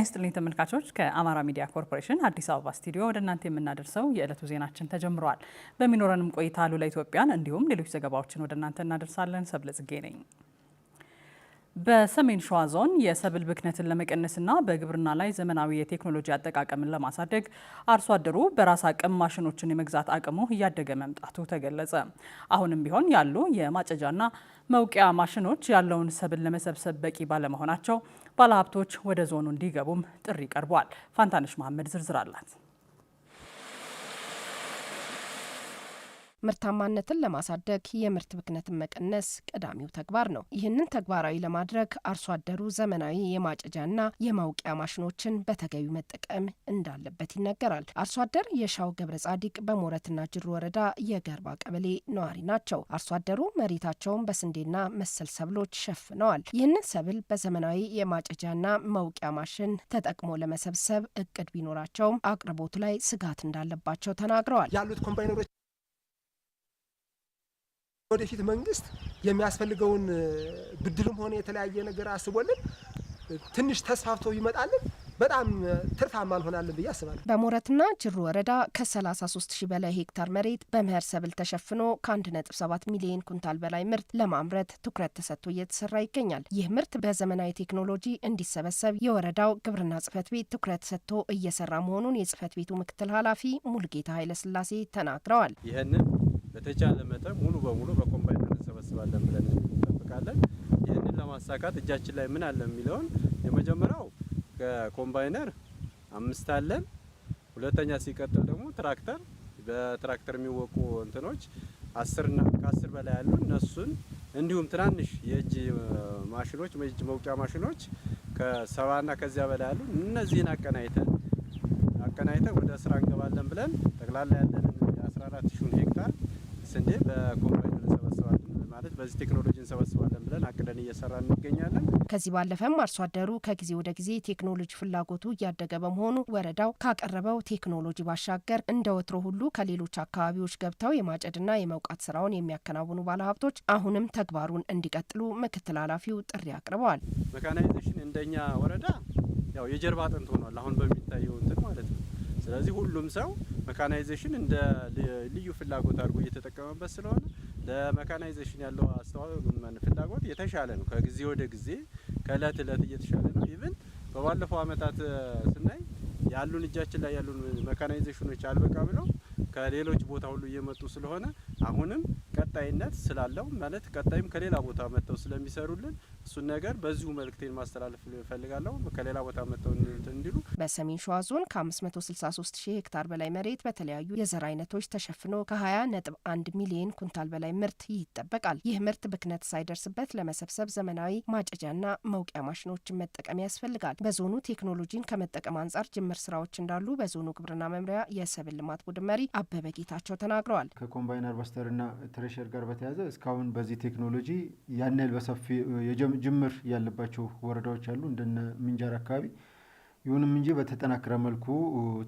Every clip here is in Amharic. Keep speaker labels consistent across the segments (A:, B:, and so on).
A: ጤና ይስጥልኝ ተመልካቾች፣ ከአማራ ሚዲያ ኮርፖሬሽን አዲስ አበባ ስቱዲዮ ወደ እናንተ የምናደርሰው የዕለቱ ዜናችን ተጀምሯል። በሚኖረንም ቆይታ አሉ ለኢትዮጵያን እንዲሁም ሌሎች ዘገባዎችን ወደ እናንተ እናደርሳለን። ጽጌ ነኝ። በሰሜን ሸዋ ዞን የሰብል ብክነትን ለመቀነስና በግብርና ላይ ዘመናዊ የቴክኖሎጂ አጠቃቀምን ለማሳደግ አርሶ አደሩ በራስ አቅም ማሽኖችን የመግዛት አቅሙ እያደገ መምጣቱ ተገለጸ። አሁንም ቢሆን ያሉ የማጨጃና መውቂያ ማሽኖች ያለውን ሰብል ለመሰብሰብ በቂ ባለመሆናቸው ባለሀብቶች ወደ ዞኑ እንዲገቡም ጥሪ ቀርቧል። ፋንታነሽ መሐመድ ዝርዝር አላት። ምርታማነትን ለማሳደግ የምርት ብክነትን መቀነስ ቀዳሚው ተግባር ነው። ይህንን ተግባራዊ ለማድረግ አርሶ አደሩ ዘመናዊ የማጨጃና የማውቂያ ማሽኖችን በተገቢ መጠቀም እንዳለበት ይነገራል። አርሶ አደር የሻው ገብረ ጻዲቅ በሞረትና ጅሩ ወረዳ የገርባ ቀበሌ ነዋሪ ናቸው። አርሶ አደሩ መሬታቸውን በስንዴና መሰል ሰብሎች ሸፍነዋል። ይህንን ሰብል በዘመናዊ የማጨጃና ማውቂያ ማሽን ተጠቅሞ ለመሰብሰብ እቅድ ቢኖራቸውም አቅርቦቱ ላይ ስጋት እንዳለባቸው ተናግረዋል።
B: ያሉት ኮምባይነሮች ወደፊት መንግስት የሚያስፈልገውን ብድርም ሆነ የተለያየ ነገር አስቦልን ትንሽ ተስፋፍቶ ይመጣልን በጣም ትርፋማ እንሆናለን ብዬ አስባለሁ።
A: በሞረትና ጅሩ ወረዳ ከ33 ሺህ በላይ ሄክታር መሬት በመኸር ሰብል ተሸፍኖ ከ1.7 ሚሊዮን ኩንታል በላይ ምርት ለማምረት ትኩረት ተሰጥቶ እየተሰራ ይገኛል። ይህ ምርት በዘመናዊ ቴክኖሎጂ እንዲሰበሰብ የወረዳው ግብርና ጽሕፈት ቤት ትኩረት ሰጥቶ እየሰራ መሆኑን የጽሕፈት ቤቱ ምክትል ኃላፊ ሙልጌታ ኃይለስላሴ ተናግረዋል።
C: ይህንን በተቻለ መጠን ሙሉ በሙሉ በኮምባይን እንሰበስባለን ብለን እንጠብቃለን። ይህንን ለማሳካት እጃችን ላይ ምን አለ የሚለውን የመጀመሪያው ከኮምባይነር አምስት አለን። ሁለተኛ ሲቀጥል ደግሞ ትራክተር በትራክተር የሚወቁ እንትኖች አስርና ከአስር በላይ ያሉ እነሱን እንዲሁም ትናንሽ የእጅ ማሽኖች የእጅ መውቂያ ማሽኖች ከሰባና ከዚያ በላይ ያሉ እነዚህን አቀናይተን አቀናይተን ወደ ስራ እንገባለን ብለን ጠቅላላ ያለንን የ14 ሺውን ሄክታር ስንዴ በኮምባይን እንሰበስባለን ማለት በዚህ ቴክኖሎጂ እንሰበስባለን ብለን አቅደን እየሰራ እንገኛለን።
A: ከዚህ ባለፈም አርሶ አደሩ ከጊዜ ወደ ጊዜ ቴክኖሎጂ ፍላጎቱ እያደገ በመሆኑ ወረዳው ካቀረበው ቴክኖሎጂ ባሻገር እንደ ወትሮ ሁሉ ከሌሎች አካባቢዎች ገብተው የማጨድና የመውቃት ስራውን የሚያከናውኑ ባለሀብቶች አሁንም ተግባሩን እንዲቀጥሉ ምክትል ኃላፊው ጥሪ አቅርበዋል።
C: መካናይዜሽን እንደኛ ወረዳ ያው የጀርባ አጥንት ሆኗል። አሁን በሚታየው ስለዚህ ሁሉም ሰው መካናይዜሽን እንደ ልዩ ፍላጎት አድርጎ እየተጠቀመበት ስለሆነ ለመካናይዜሽን ያለው አስተዋመን ፍላጎት የተሻለ ነው። ከጊዜ ወደ ጊዜ ከእለት እለት እየተሻለ ነው። ኢቭን በባለፈው አመታት ስናይ ያሉን እጃችን ላይ ያሉን መካናይዜሽኖች አልበቃ ብለው ከሌሎች ቦታ ሁሉ እየመጡ ስለሆነ አሁንም ቀጣይነት ስላለው ማለት ቀጣይም ከሌላ ቦታ መጥተው ስለሚሰሩልን እሱን ነገር በዚሁ መልእክቴን ማስተላለፍ እፈልጋለሁ። ከሌላ ቦታ መጥተው እንዲሉ።
A: በሰሜን ሸዋ ዞን ከ563 ሺህ ሄክታር በላይ መሬት በተለያዩ የዘር አይነቶች ተሸፍኖ ከ20 ነጥብ 1 ሚሊዮን ኩንታል በላይ ምርት ይጠበቃል። ይህ ምርት ብክነት ሳይደርስበት ለመሰብሰብ ዘመናዊ ማጨጃና መውቂያ ማሽኖችን መጠቀም ያስፈልጋል። በዞኑ ቴክኖሎጂን ከመጠቀም አንጻር ጅምር ስራዎች እንዳሉ በዞኑ ግብርና መምሪያ የሰብል ልማት ቡድን መሪ አበበ ጌታቸው ተናግረዋል።
C: ከኮምባይን አርቨስተርና ትሬሸር ጋር በተያያዘ እስካሁን በዚህ ቴክኖሎጂ ያን ያህል በሰፊ ጅምር ያለባቸው ወረዳዎች አሉ እንደነ ምንጃር አካባቢ። ይሁንም እንጂ በተጠናከረ መልኩ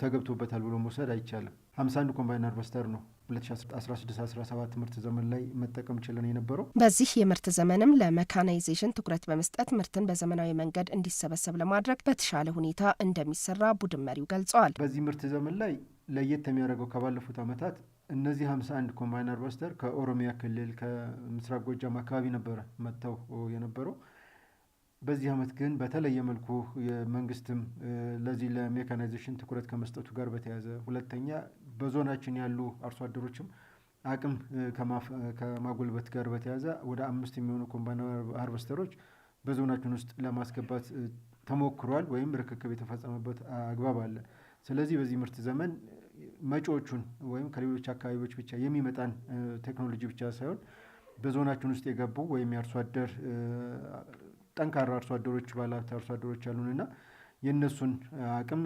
C: ተገብቶበታል ብሎ መውሰድ አይቻልም። 51 ኮምባይን ሃርቨስተር ነው 2016/17 ምርት ዘመን ላይ መጠቀም ችለን የነበረው።
A: በዚህ የምርት ዘመንም ለመካናይዜሽን ትኩረት በመስጠት ምርትን በዘመናዊ መንገድ እንዲሰበሰብ ለማድረግ በተሻለ ሁኔታ እንደሚሰራ ቡድን መሪው ገልጸዋል።
C: በዚህ ምርት ዘመን ላይ ለየት የሚያደርገው ከባለፉት ዓመታት እነዚህ 51 ኮምባይን ሃርቨስተር ከኦሮሚያ ክልል ከምስራቅ ጎጃም አካባቢ ነበረ መጥተው የነበረው። በዚህ ዓመት ግን በተለየ መልኩ የመንግስትም ለዚህ ለሜካናይዜሽን ትኩረት ከመስጠቱ ጋር በተያያዘ ሁለተኛ በዞናችን ያሉ አርሶ አደሮችም አቅም ከማጎልበት ጋር በተያያዘ ወደ አምስት የሚሆኑ ኮምባይን ሃርቨስተሮች በዞናችን ውስጥ ለማስገባት ተሞክሯል ወይም ርክክብ የተፈጸመበት አግባብ አለ። ስለዚህ በዚህ ምርት ዘመን መጪዎቹን ወይም ከሌሎች አካባቢዎች ብቻ የሚመጣን ቴክኖሎጂ ብቻ ሳይሆን በዞናችን ውስጥ የገቡ ወይም የአርሶ አደር ጠንካራ አርሶ አደሮች፣ ባለሀብት አርሶ አደሮች የእነሱን አቅም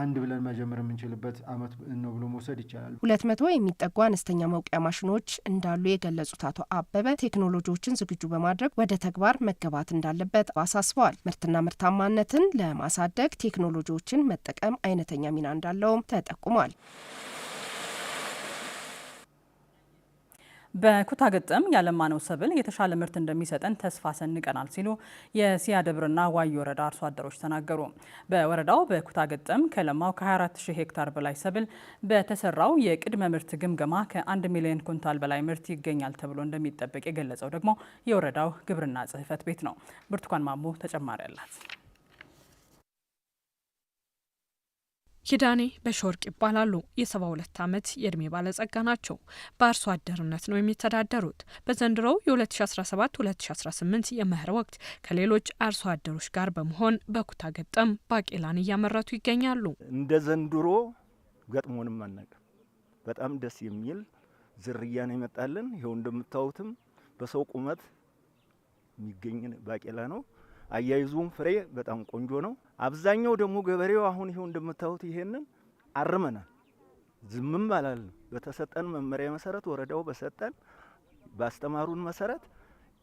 C: አንድ ብለን መጀመር የምንችልበት አመት ነው ብሎ መውሰድ ይቻላል።
A: ሁለት መቶ የሚጠጉ አነስተኛ መውቂያ ማሽኖች እንዳሉ የገለጹት አቶ አበበ ቴክኖሎጂዎችን ዝግጁ በማድረግ ወደ ተግባር መገባት እንዳለበት አሳስበዋል። ምርትና ምርታማነትን ለማሳደግ ቴክኖሎጂዎችን መጠቀም አይነተኛ ሚና እንዳለውም ተጠቁሟል። በኩታ ግጥም ያለማነው ሰብል የተሻለ ምርት እንደሚሰጠን ተስፋ ሰንቀናል ሲሉ የሲያ ደብርና ዋዩ ወረዳ አርሶ አደሮች ተናገሩ። በወረዳው በኩታ ግጥም ከለማው ከ 24000 ሄክታር በላይ ሰብል በተሰራው የቅድመ ምርት ግምገማ ከ1 ሚሊዮን ኩንታል በላይ ምርት ይገኛል ተብሎ እንደሚጠበቅ የገለጸው ደግሞ የወረዳው ግብርና ጽሕፈት ቤት ነው። ብርቱካን ማሞ ተጨማሪ አላት። ኪዳኔ በሸወርቅ ይባላሉ። የሰባ ሁለት ዓመት የእድሜ ባለጸጋ ናቸው። በአርሶ አደርነት ነው የሚተዳደሩት። በዘንድሮው የ2017 2018 የመኸር ወቅት ከሌሎች አርሶ አደሮች ጋር በመሆን በኩታ ገጠም ባቄላን እያመረቱ ይገኛሉ።
C: እንደ ዘንድሮ ገጥሞንም አናውቅም። በጣም ደስ የሚል ዝርያ ነው ይመጣልን። ይኸው እንደምታዩትም በሰው ቁመት የሚገኝ ባቄላ ነው። አያይዙም ፍሬ በጣም ቆንጆ ነው። አብዛኛው ደግሞ ገበሬው አሁን ይሄው እንደምታዩት ይሄንን አርመናል። ዝምም አላልንም። በተሰጠን መመሪያ መሰረት ወረዳው በሰጠን ባስተማሩን መሰረት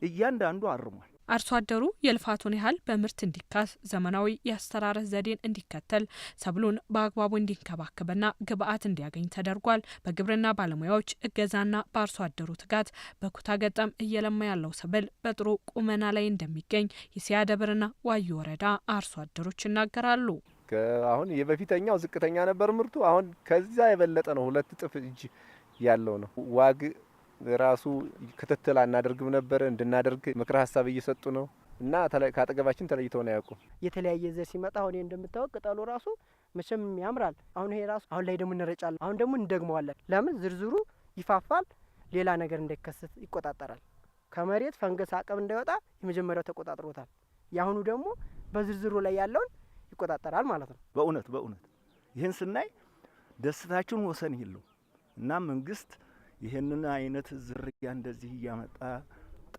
C: እያንዳንዱ አርሟል።
A: አርሶ አደሩ የልፋቱን ያህል በምርት እንዲካስ ዘመናዊ የአስተራረስ ዘዴን እንዲከተል ሰብሉን በአግባቡ እንዲንከባከብና ግብአት እንዲያገኝ ተደርጓል። በግብርና ባለሙያዎች እገዛና በአርሶ አደሩ ትጋት በኩታ ገጠም እየለማ ያለው ሰብል በጥሩ ቁመና ላይ እንደሚገኝ የሲያ ደብርና ዋዩ ወረዳ አርሶ አደሮች ይናገራሉ።
C: አሁን የበፊተኛው ዝቅተኛ ነበር ምርቱ። አሁን ከዛ የበለጠ ነው። ሁለት እጥፍ እጅ ያለው ነው ዋግ ራሱ ክትትል አናደርግም ነበረ እንድናደርግ ምክረ ሀሳብ እየሰጡ ነው እና ከአጠገባችን ተለይተው ነው ያውቁ።
D: የተለያየ ዘር ሲመጣ አሁን እንደምታወቅ ቅጠሉ ራሱ መቼም ያምራል። አሁን ይሄ ራሱ አሁን ላይ ደግሞ እንረጫለን፣ አሁን ደግሞ እንደግመዋለን። ለምን ዝርዝሩ ይፋፋል፣ ሌላ ነገር እንዳይከሰት ይቆጣጠራል። ከመሬት ፈንገስ አቅም እንዳይወጣ የመጀመሪያው ተቆጣጥሮታል። የአሁኑ ደግሞ በዝርዝሩ ላይ ያለውን ይቆጣጠራል ማለት ነው።
C: በእውነት በእውነት ይህን ስናይ ደስታችን ወሰን የለው እና መንግስት ይህንን አይነት ዝርያ እንደዚህ እያመጣ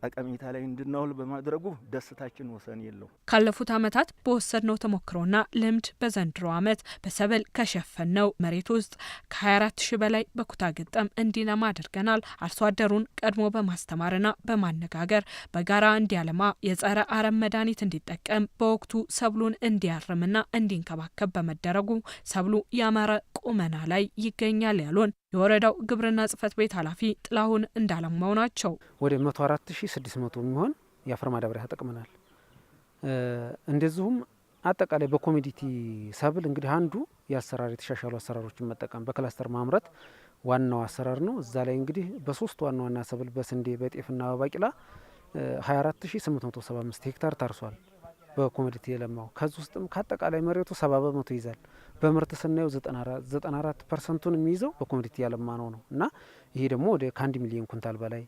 C: ጠቀሜታ ላይ እንድናውል በማድረጉ ደስታችን ወሰን የለው።
A: ካለፉት ዓመታት በወሰድነው ተሞክሮና ልምድ በዘንድሮ ዓመት በሰብል ከሸፈነው መሬት ውስጥ ከ24 ሺ በላይ በኩታ ግጥም እንዲለማ አድርገናል። አርሶ አደሩን ቀድሞ በማስተማርና በማነጋገር በጋራ እንዲያለማ፣ የጸረ አረም መድኃኒት እንዲጠቀም፣ በወቅቱ ሰብሉን እንዲያርምና እንዲንከባከብ በመደረጉ ሰብሉ ያማረ ቁመና ላይ ይገኛል ያሉን የወረዳው ግብርና ጽህፈት ቤት ኃላፊ ጥላሁን እንዳለማው ናቸው።
E: ወደ 104600 የሚሆን የአፈር ማዳበሪያ ተጠቅመናል። እንደዚሁም አጠቃላይ በኮሚዲቲ ሰብል እንግዲህ አንዱ የአሰራር የተሻሻሉ አሰራሮችን መጠቀም በክላስተር ማምረት ዋናው አሰራር ነው። እዛ ላይ እንግዲህ በሶስት ዋና ዋና ሰብል በስንዴ በጤፍና በባቂላ 24875 ሄክታር ታርሷል። በኮሚዲቲ የለማው ከዚ ውስጥም ከአጠቃላይ መሬቱ ሰባ በመቶ ይዛል። በምርት ስናየው 94 ፐርሰንቱን የሚይዘው በኮሚዲቲ ያለማነው ነው እና ይሄ ደግሞ ወደ ከአንድ ሚሊዮን ኩንታል በላይ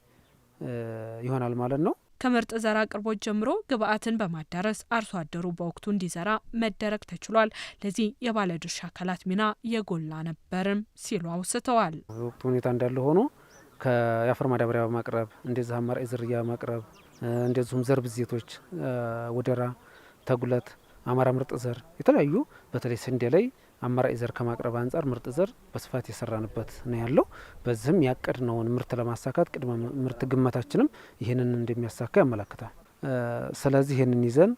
E: ይሆናል ማለት ነው።
A: ከምርጥ ዘር አቅርቦት ጀምሮ ግብአትን በማዳረስ አርሶ አደሩ በወቅቱ እንዲዘራ መደረግ ተችሏል። ለዚህ የባለድርሻ አካላት ሚና የጎላ ነበርም ሲሉ አውስተዋል።
E: ወቅቱ ሁኔታ እንዳለ ሆኖ ከየአፈር ማዳበሪያ በማቅረብ እንደዚህ አማራጭ ዝርያ በማቅረብ እንደዚሁም ዘር ብዜቶች ወደራ፣ ተጉለት፣ አማራ ምርጥ ዘር የተለያዩ በተለይ ስንዴ ላይ አማራጭ ዘር ከማቅረብ አንጻር ምርጥ ዘር በስፋት የሰራንበት ነው ያለው። በዚህም ያቀድነውን ምርት ለማሳካት ቅድመ ምርት ግመታችንም ይህንን እንደሚያሳካ ያመለክታል። ስለዚህ ይህንን ይዘን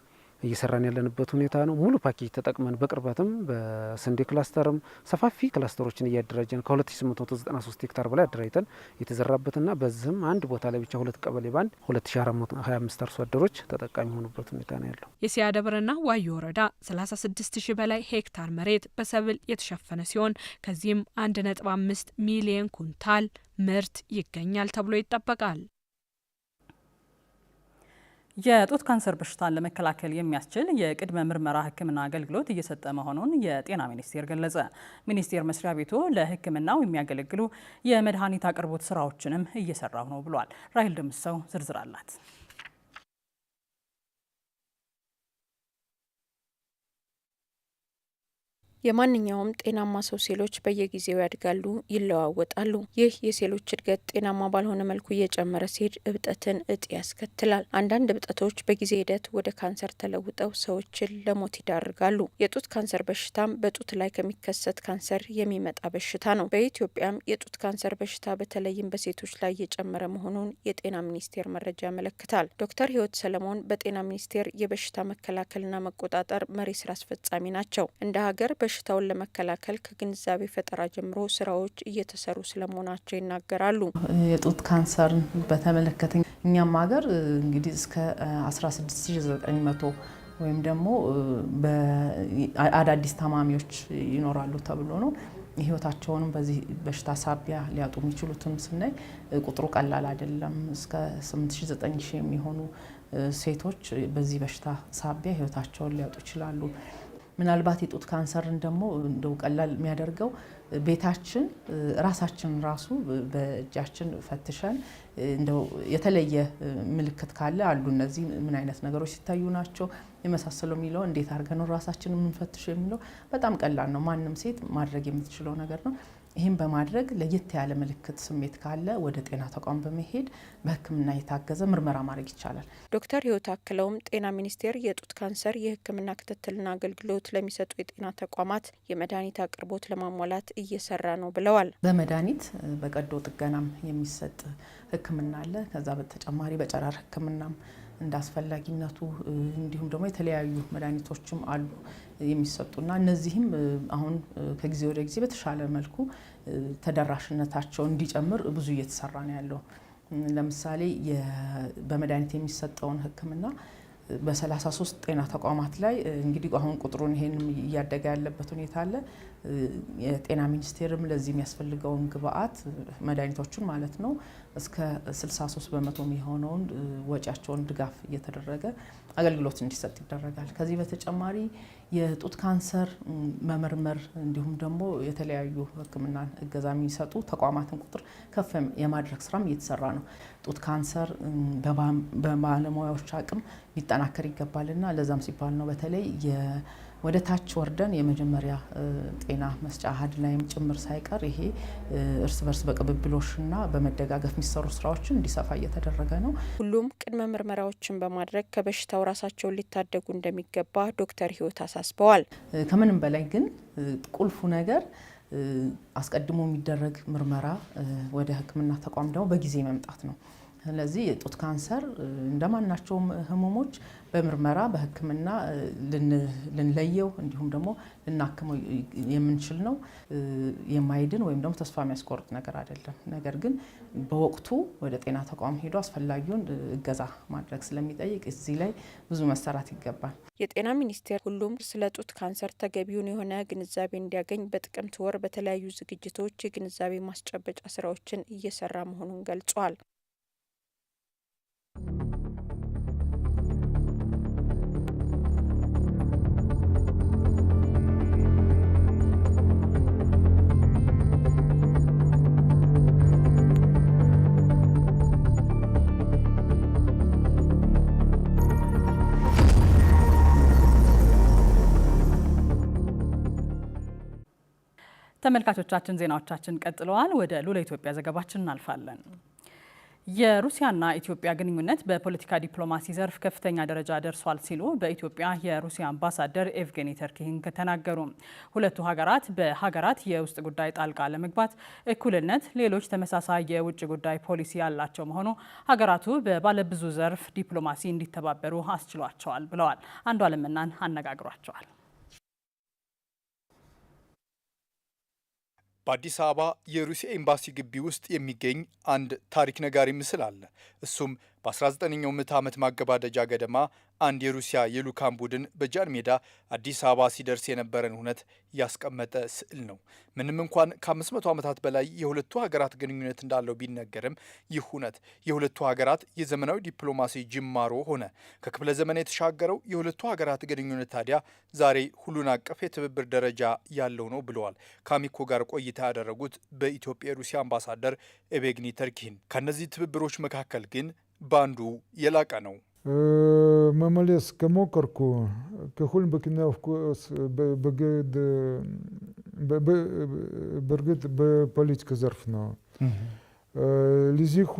E: እየሰራን ያለንበት ሁኔታ ነው። ሙሉ ፓኬጅ ተጠቅመን በቅርበትም በስንዴ ክላስተርም ሰፋፊ ክላስተሮችን እያደራጀን ከ2893 ሄክታር በላይ አደራጅተን የተዘራበትና በዚህም አንድ ቦታ ላይ ብቻ ሁለት ቀበሌ ባንድ 2425 አርሶ አደሮች ተጠቃሚ የሆኑበት ሁኔታ ነው ያለው።
A: የሲያ ደብርና ዋዩ ወረዳ 36 ሺህ በላይ ሄክታር መሬት በሰብል የተሸፈነ ሲሆን ከዚህም 1.5 ሚሊየን ኩንታል ምርት ይገኛል ተብሎ ይጠበቃል። የጡት ካንሰር በሽታን ለመከላከል የሚያስችል የቅድመ ምርመራ ሕክምና አገልግሎት እየሰጠ መሆኑን የጤና ሚኒስቴር ገለጸ። ሚኒስቴር መስሪያ ቤቱ ለሕክምናው የሚያገለግሉ የመድኃኒት አቅርቦት ስራዎችንም እየሰራው ነው ብሏል። ራሂል ደምሰው ዝርዝር አላት።
F: የማንኛውም ጤናማ ሰው ሴሎች በየጊዜው ያድጋሉ፣ ይለዋወጣሉ። ይህ የሴሎች እድገት ጤናማ ባልሆነ መልኩ እየጨመረ ሲሄድ እብጠትን እጢ ያስከትላል። አንዳንድ እብጠቶች በጊዜ ሂደት ወደ ካንሰር ተለውጠው ሰዎችን ለሞት ይዳርጋሉ። የጡት ካንሰር በሽታም በጡት ላይ ከሚከሰት ካንሰር የሚመጣ በሽታ ነው። በኢትዮጵያም የጡት ካንሰር በሽታ በተለይም በሴቶች ላይ እየጨመረ መሆኑን የጤና ሚኒስቴር መረጃ ያመለክታል። ዶክተር ህይወት ሰለሞን በጤና ሚኒስቴር የበሽታ መከላከልና መቆጣጠር መሪ ስራ አስፈጻሚ ናቸው። እንደ ሀገር በሽታውን ለመከላከል ከግንዛቤ ፈጠራ ጀምሮ ስራዎች እየተሰሩ ስለመሆናቸው ይናገራሉ።
G: የጡት ካንሰርን በተመለከተ እኛም ሀገር እንግዲህ እስከ 16900 ወይም ደግሞ አዳዲስ ታማሚዎች ይኖራሉ ተብሎ ነው። ህይወታቸውንም በዚህ በሽታ ሳቢያ ሊያጡ የሚችሉትም ስናይ ቁጥሩ ቀላል አይደለም። እስከ 89 የሚሆኑ ሴቶች በዚህ በሽታ ሳቢያ ህይወታቸውን ሊያጡ ይችላሉ። ምናልባት የጡት ካንሰርን ደግሞ እንደው ቀላል የሚያደርገው ቤታችን ራሳችን ራሱ በእጃችን ፈትሸን እንደው የተለየ ምልክት ካለ አሉ እነዚህ ምን አይነት ነገሮች ሲታዩ ናቸው የመሳሰለው የሚለው እንዴት አድርገን ራሳችን የምንፈትሸው የሚለው በጣም ቀላል ነው። ማንም ሴት ማድረግ የምትችለው ነገር ነው። ይህም በማድረግ ለየት ያለ ምልክት ስሜት ካለ ወደ ጤና ተቋም በመሄድ በሕክምና የታገዘ ምርመራ ማድረግ ይቻላል።
F: ዶክተር ህይወት አክለውም ጤና ሚኒስቴር የጡት ካንሰር የሕክምና ክትትልና አገልግሎት ለሚሰጡ የጤና ተቋማት የመድኃኒት አቅርቦት ለማሟላት እየሰራ ነው ብለዋል።
G: በመድኃኒት በቀዶ ጥገናም የሚሰጥ ሕክምና አለ። ከዛ በተጨማሪ በጨረር ሕክምናም እንደ አስፈላጊነቱ እንዲሁም ደግሞ የተለያዩ መድኃኒቶችም አሉ የሚሰጡና እነዚህም አሁን ከጊዜ ወደ ጊዜ በተሻለ መልኩ ተደራሽነታቸው እንዲጨምር ብዙ እየተሰራ ነው ያለው። ለምሳሌ በመድኃኒት የሚሰጠውን ሕክምና በ33 ጤና ተቋማት ላይ እንግዲህ አሁን ቁጥሩን ይሄን እያደገ ያለበት ሁኔታ አለ። የጤና ሚኒስቴርም ለዚህ የሚያስፈልገውን ግብአት መድኃኒቶቹን ማለት ነው እስከ 63 በመቶ የሚሆነውን ወጪያቸውን ድጋፍ እየተደረገ አገልግሎት እንዲሰጥ ይደረጋል። ከዚህ በተጨማሪ የጡት ካንሰር መመርመር እንዲሁም ደግሞ የተለያዩ ሕክምናን እገዛ የሚሰጡ ተቋማትን ቁጥር ከፍ የማድረግ ስራም እየተሰራ ነው። ጡት ካንሰር በባለሙያዎች አቅም ሊጠናከር ይገባልና ለዛም ሲባል ነው በተለይ ወደ ታች ወርደን የመጀመሪያ ጤና መስጫ አሀድ ላይም ጭምር ሳይቀር ይሄ እርስ በርስ በቅብብሎሽና በመደጋገፍ የሚሰሩ ስራዎችን እንዲሰፋ እየተደረገ ነው።
F: ሁሉም ቅድመ ምርመራዎችን በማድረግ ከበሽታው ራሳቸውን ሊታደጉ እንደሚገባ ዶክተር ህይወት አሳስበዋል።
G: ከምንም በላይ ግን ቁልፉ ነገር አስቀድሞ የሚደረግ ምርመራ ወደ ሕክምና ተቋም ደግሞ በጊዜ መምጣት ነው። ስለዚህ የጡት ካንሰር እንደማናቸውም ህሙሞች በምርመራ በህክምና ልንለየው እንዲሁም ደግሞ ልናክመው የምንችል ነው። የማይድን ወይም ደግሞ ተስፋ የሚያስቆርጥ ነገር አይደለም። ነገር ግን በወቅቱ ወደ ጤና ተቋም ሄዶ አስፈላጊውን እገዛ ማድረግ ስለሚጠይቅ እዚህ ላይ ብዙ መሰራት ይገባል።
F: የጤና ሚኒስቴር ሁሉም ስለ ጡት ካንሰር ተገቢውን የሆነ ግንዛቤ እንዲያገኝ በጥቅምት ወር በተለያዩ ዝግጅቶች የግንዛቤ ማስጨበጫ ስራዎችን እየሰራ መሆኑን ገልጿል።
A: ተመልካቾቻችን ዜናዎቻችን ቀጥለዋል። ወደ ሉላ ኢትዮጵያ ዘገባችን እናልፋለን። የሩሲያና ኢትዮጵያ ግንኙነት በፖለቲካ ዲፕሎማሲ ዘርፍ ከፍተኛ ደረጃ ደርሷል ሲሉ በኢትዮጵያ የሩሲያ አምባሳደር ኤቭጌኒ ተርኪሂንክ ተናገሩ። ሁለቱ ሀገራት በሀገራት የውስጥ ጉዳይ ጣልቃ ለመግባት እኩልነት፣ ሌሎች ተመሳሳይ የውጭ ጉዳይ ፖሊሲ ያላቸው መሆኑ ሀገራቱ በባለብዙ ዘርፍ ዲፕሎማሲ እንዲተባበሩ አስችሏቸዋል ብለዋል። አንዷ ለምናን አነጋግሯቸዋል።
H: በአዲስ አበባ የሩሲያ ኤምባሲ ግቢ ውስጥ የሚገኝ አንድ ታሪክ ነጋሪ ምስል አለ። እሱም በ19ኛው ምዕተ ዓመት ማገባደጃ ገደማ አንድ የሩሲያ የልዑካን ቡድን በጃን ሜዳ አዲስ አበባ ሲደርስ የነበረን እውነት ያስቀመጠ ስዕል ነው። ምንም እንኳን ከ500 ዓመታት በላይ የሁለቱ ሀገራት ግንኙነት እንዳለው ቢነገርም ይህ እውነት የሁለቱ ሀገራት የዘመናዊ ዲፕሎማሲ ጅማሮ ሆነ። ከክፍለ ዘመን የተሻገረው የሁለቱ ሀገራት ግንኙነት ታዲያ ዛሬ ሁሉን አቀፍ የትብብር ደረጃ ያለው ነው ብለዋል ከአሚኮ ጋር ቆይታ ያደረጉት በኢትዮጵያ የሩሲያ አምባሳደር ኤቤግኒ ተርኪን። ከእነዚህ ትብብሮች መካከል ግን በአንዱ የላቀ ነው።
I: መመለስ ከሞከርኩ ከሁሉም በእርግጥ በፖለቲካ ዘርፍ ነው። ለዚሁ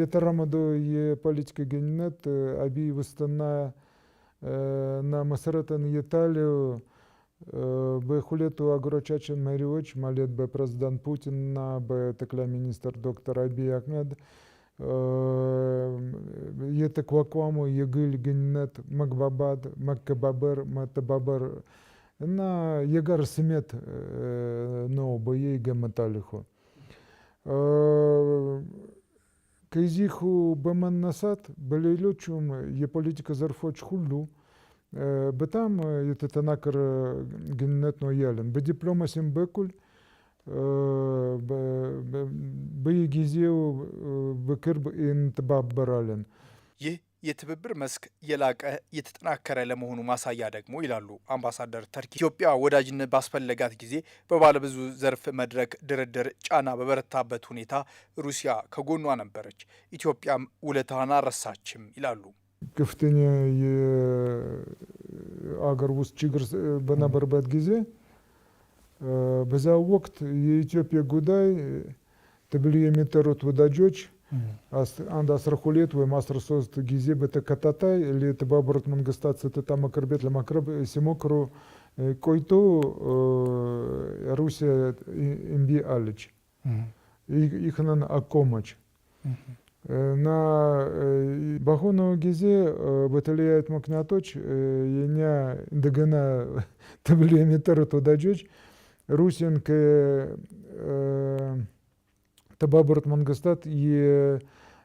I: ለተራመደ የፖለቲካ ግንኙነት አብይ ዋስትና እና መሰረትን የጣለው Бехулету Агрочачин Мэрюч, Малет Б. Президент Путина, Б. Текля министр доктор Аби Ахмед, э, Етек Вакуаму, Егыль Геннет, Макбабад, Маккабабер, Матабабер, на Егар Смет, э, но Б. Гематалиху. Э, Кейзиху Беман Насад, Белейлючум, Еполитика Зарфоч Хуллю, Э, Бетам и э, тетанакар э, генетно ялен. Бе диплома сим бекуль, бе гизеу бекирб интбаб барален.
H: ይህ የትብብር መስክ የላቀ የተጠናከረ ለመሆኑ ማሳያ ደግሞ ይላሉ አምባሳደር ተርኪ። ኢትዮጵያ ወዳጅነት ባስፈለጋት ጊዜ በባለብዙ ዘርፍ መድረክ ድርድር ጫና በበረታበት ሁኔታ ሩሲያ ከጎኗ ነበረች። ኢትዮጵያም ውለታዋን አረሳችም ይላሉ።
I: ከፍተኛ የአገር ውስጥ ችግር በነበረበት ጊዜ በዛ ወቅት የኢትዮጵያ ጉዳይ ተብሎ የሚጠሩት ወዳጆች አንድ አስራ ሁለት ወይም አስራ ሶስት ጊዜ በተከታታይ ለተባበሩት መንግስታት ጸጥታ ምክር ቤት ለማቅረብ ሲሞክሩ ቆይቶ ሩሲያ እምቢ አለች። ይህንን አቆመች። Е, на е, Бахонова Гизе баталияет е Макнаточ, еня дагана таблемитар тудачоч, Русин к табабрат мангастат и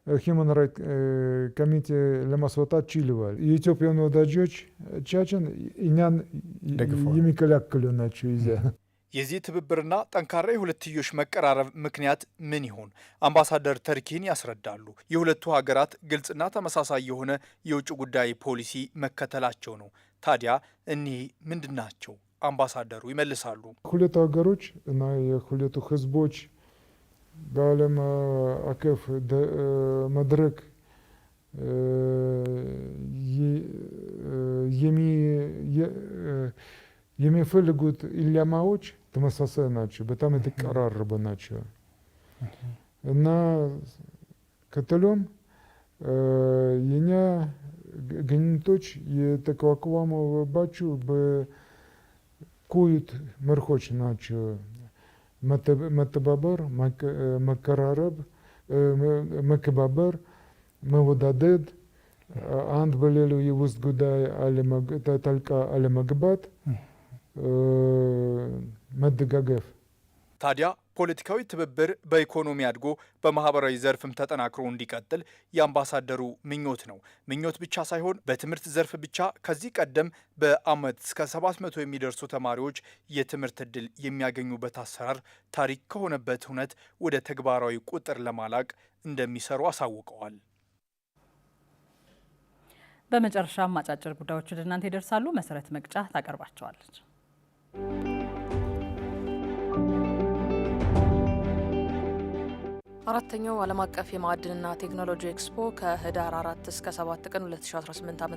I: Human Rights Committee Lemmasvata Чилева. И Этиопия Нодажоч Чачен, и нян Емикаляк Калюначу изя.
H: የዚህ ትብብርና ጠንካራ የሁለትዮሽ መቀራረብ ምክንያት ምን ይሆን? አምባሳደር ተርኪን ያስረዳሉ። የሁለቱ ሀገራት ግልጽና ተመሳሳይ የሆነ የውጭ ጉዳይ ፖሊሲ መከተላቸው ነው። ታዲያ እኒህ ምንድን ናቸው? አምባሳደሩ ይመልሳሉ።
I: ሁለቱ ሀገሮች እና የሁለቱ ህዝቦች በዓለም አቀፍ መድረክ Емифелі гуд Ілля Мауч, Томасасе наче, бо там і карар робо наче. На каталон Єня е, Геніточ є такого кваму бачу, бо кують мерхоч наче. Метабабер, Макарараб, е, е, Макебабер, Мавудадед, Андбалелю Євуст Гудай, Талька Алі Макбат – መደጋገፍ።
H: ታዲያ ፖለቲካዊ ትብብር በኢኮኖሚ አድጎ በማህበራዊ ዘርፍም ተጠናክሮ እንዲቀጥል የአምባሳደሩ ምኞት ነው። ምኞት ብቻ ሳይሆን በትምህርት ዘርፍ ብቻ ከዚህ ቀደም በአመት እስከ 700 የሚደርሱ ተማሪዎች የትምህርት ዕድል የሚያገኙበት አሰራር ታሪክ ከሆነበት እውነት ወደ ተግባራዊ ቁጥር ለማላቅ እንደሚሰሩ አሳውቀዋል።
A: በመጨረሻም አጫጭር ጉዳዮች ወደ እናንተ ይደርሳሉ። መሰረት መቅጫ ታቀርባቸዋለች።
J: አራተኛው ዓለም አቀፍ የማዕድንና ቴክኖሎጂ ኤክስፖ ከህዳር 4 እስከ 7 ቀን 2018 ዓ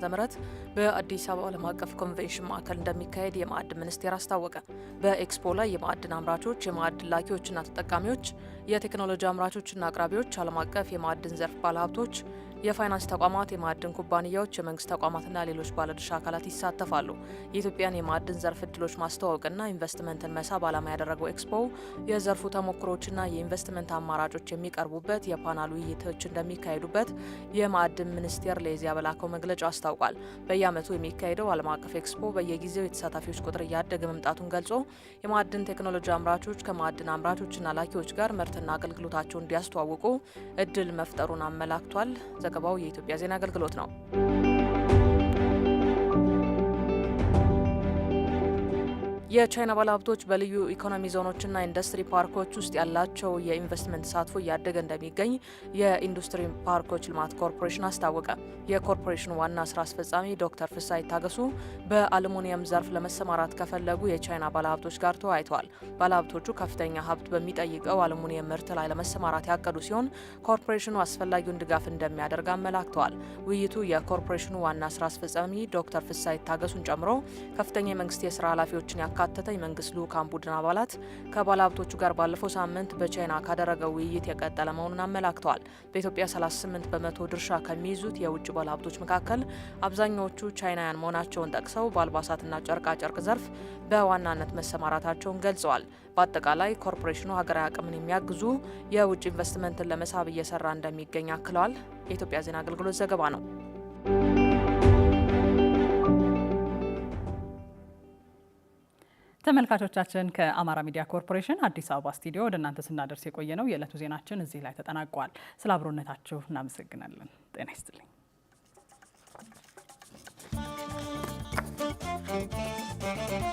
J: በአዲስ አበባ ዓለም አቀፍ ኮንቬንሽን ማዕከል እንደሚካሄድ የማዕድን ሚኒስቴር አስታወቀ። በኤክስፖ ላይ የማዕድን አምራቾች፣ የማዕድን ላኪዎችና ተጠቃሚዎች፣ የቴክኖሎጂ አምራቾችና አቅራቢዎች፣ ዓለም አቀፍ የማዕድን ዘርፍ ባለሀብቶች የፋይናንስ ተቋማት፣ የማዕድን ኩባንያዎች፣ የመንግስት ተቋማትና ሌሎች ባለድርሻ አካላት ይሳተፋሉ። የኢትዮጵያን የማዕድን ዘርፍ እድሎች ማስተዋወቅና ኢንቨስትመንትን መሳብ ዓላማ ያደረገው ኤክስፖ የዘርፉ ተሞክሮችና የኢንቨስትመንት አማራጮች የሚቀርቡበት የፓናል ውይይቶች እንደሚካሄዱበት የማዕድን ሚኒስቴር ለኢዜአ በላከው መግለጫ አስታውቋል። በየአመቱ የሚካሄደው ዓለም አቀፍ ኤክስፖ በየጊዜው የተሳታፊዎች ቁጥር እያደገ መምጣቱን ገልጾ የማዕድን ቴክኖሎጂ አምራቾች ከማዕድን አምራቾችና ላኪዎች ጋር ምርትና አገልግሎታቸውን እንዲያስተዋውቁ እድል መፍጠሩን አመላክቷል። ዘገባው የኢትዮጵያ ዜና አገልግሎት ነው። የቻይና ባለሀብቶች በልዩ ኢኮኖሚ ዞኖችና ኢንዱስትሪ ፓርኮች ውስጥ ያላቸው የኢንቨስትመንት ተሳትፎ እያደገ እንደሚገኝ የኢንዱስትሪ ፓርኮች ልማት ኮርፖሬሽን አስታወቀ። የኮርፖሬሽኑ ዋና ስራ አስፈጻሚ ዶክተር ፍሳይ ታገሱ በአልሙኒየም ዘርፍ ለመሰማራት ከፈለጉ የቻይና ባለሀብቶች ጋር ተወያይተዋል። ባለሀብቶቹ ከፍተኛ ሀብት በሚጠይቀው አልሙኒየም ምርት ላይ ለመሰማራት ያቀዱ ሲሆን ኮርፖሬሽኑ አስፈላጊውን ድጋፍ እንደሚያደርግ አመላክተዋል። ውይይቱ የኮርፖሬሽኑ ዋና ስራ አስፈጻሚ ዶክተር ፍሳይ ታገሱን ጨምሮ ከፍተኛ የመንግስት የስራ ኃላፊዎችን ያ ያካተተ የመንግስት ልኡካን ቡድን አባላት ከባለሀብቶቹ ጋር ባለፈው ሳምንት በቻይና ካደረገው ውይይት የቀጠለ መሆኑን አመላክተዋል። በኢትዮጵያ 38 በመቶ ድርሻ ከሚይዙት የውጭ ባለሀብቶች መካከል አብዛኛዎቹ ቻይናውያን መሆናቸውን ጠቅሰው በአልባሳትና ጨርቃጨርቅ ዘርፍ በዋናነት መሰማራታቸውን ገልጸዋል። በአጠቃላይ ኮርፖሬሽኑ ሀገራዊ አቅምን የሚያግዙ የውጭ ኢንቨስትመንትን ለመሳብ እየሰራ እንደሚገኝ አክለዋል። የኢትዮጵያ ዜና አገልግሎት ዘገባ ነው።
A: ተመልካቾቻችን ከአማራ ሚዲያ ኮርፖሬሽን አዲስ አበባ ስቱዲዮ ወደ እናንተ ስናደርስ የቆየ ነው የዕለቱ ዜናችን እዚህ ላይ ተጠናቋል። ስለ አብሮነታችሁ እናመሰግናለን። ጤና ይስጥልኝ።